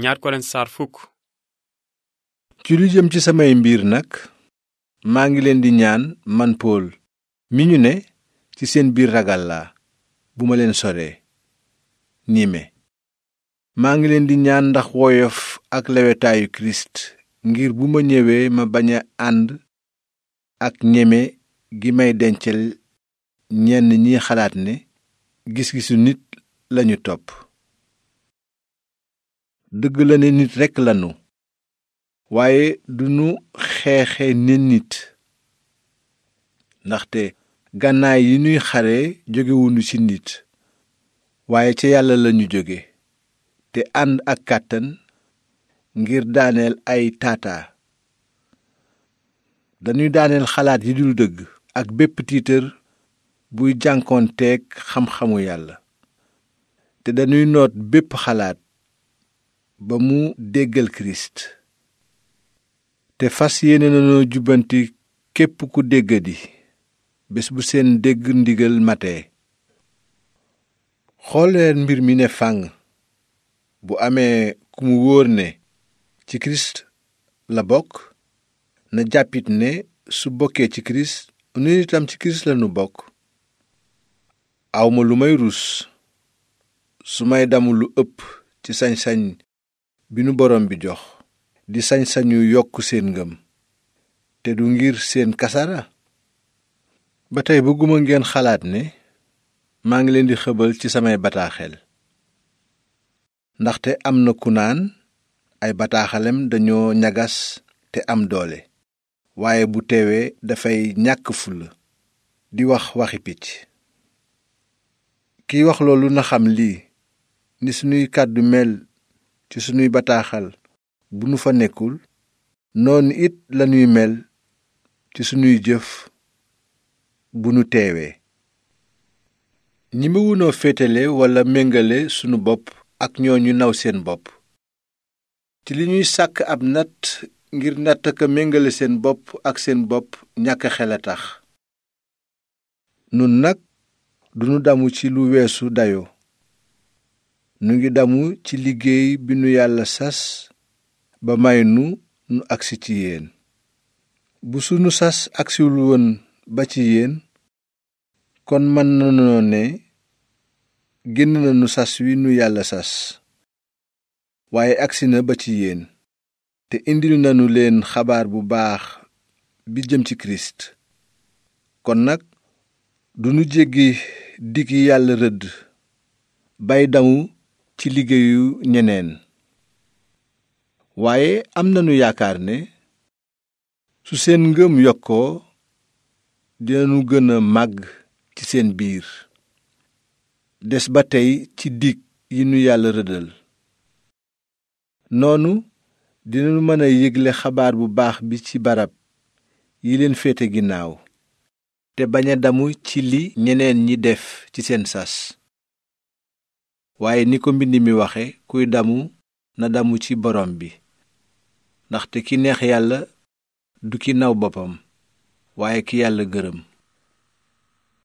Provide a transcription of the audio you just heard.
ñaar Korent ci lu jëm ci samay mbir nag maa ngi leen di ñaan man Pool mi ñu ne ci seen biir ragal laa bu ma leen soree niime maa ngi leen di ñaan ndax woyof ak lewetaayu kirist ngir bu ma ñëwee ma bañ a ànd ak ñeme gi may dencal ñenn ñi xalaat ne gis-gisu nit lañu topp dëgg la ne nit rekk lanu waaye duñu xeexe ne nit ndaxte gànnaay yi ñuy xare jógewuñu ci nit waaye ca yàlla lañu jóge te ànd ak kàttan ngir daaneel ay taataa dañuy daaneel xalaat yi dul dëgg ak bépp tiitër buy jànkoonteeg xam-xamu yàlla te dañuy noot bépp xalaat ba mu déggal te fas yéene nanoo jubbanti képp ku déggadi bés bu seen dégg ndigal matee xoolleen mbir mi ne fànn bu amee ku mu wóor ne ci kirist la bokk na jàppit ne su bokkee ci kirist nu itam ci kirist lanu bokk awma lu may rus su may damu lu ëpp ci sañ-sañ bi nu borom bi jox di sañ-sañu yokk seen ngëm te du ngir seen kasara ba tey bëgguma ngeen xalaat ne maa ngi leen di xëbal ci samay bataaxel ndaxte am na ku naan ay bataaxalem dañoo ñagas te am doole waaye bu teewee dafay ñàkk fulla di wax waxi picc kiy wax loolu na xam lii ni sunuy kàddu mel ci sunuy bataaxal bu nu fa nekkul noonu it lanuy mel ci sunuy jëf bu nu teewee ñimiwunoo féetale walla méngale sunu bopp ak ñoo ñu naw seen bopp ci li ñuy sàkk ab natt ngir natt ka méngale seen bopp ak seen bopp ñàkk xel a tax nun nag duñu damu ci lu weesu dayo nu ngi damu ci liggéey bi nu yàlla sas ba may nu nu agsi ci yéen bu sunu sas agsiwul woon ba ci yéen kon mën nanoo ne génn nanu sas wi nu yàlla sas waaye agsi na ba ci yéen te indil nanu leen xabaar bu baax bi jëm ci kirist kon nag du nu jéggi dig yàlla rëdd bay damu ci liggéeyu ñeneen waaye am nanu yaakaar ne su seen ngëm yokkoo dinanu gën a màgg ci seen biir des ba tey ci dig yi nu yàlla rëddal noonu dinanu mën a yégle xabaar bu baax bi ci barab yi leen féete ginnaaw te bañ a damu ci li ñeneen ñi def ci seen sas waaye ni ko mbind mi waxe kuy damu na damu ci borom bi ndaxte ki neex yàlla du ki naw boppam waaye ki yàlla gërëm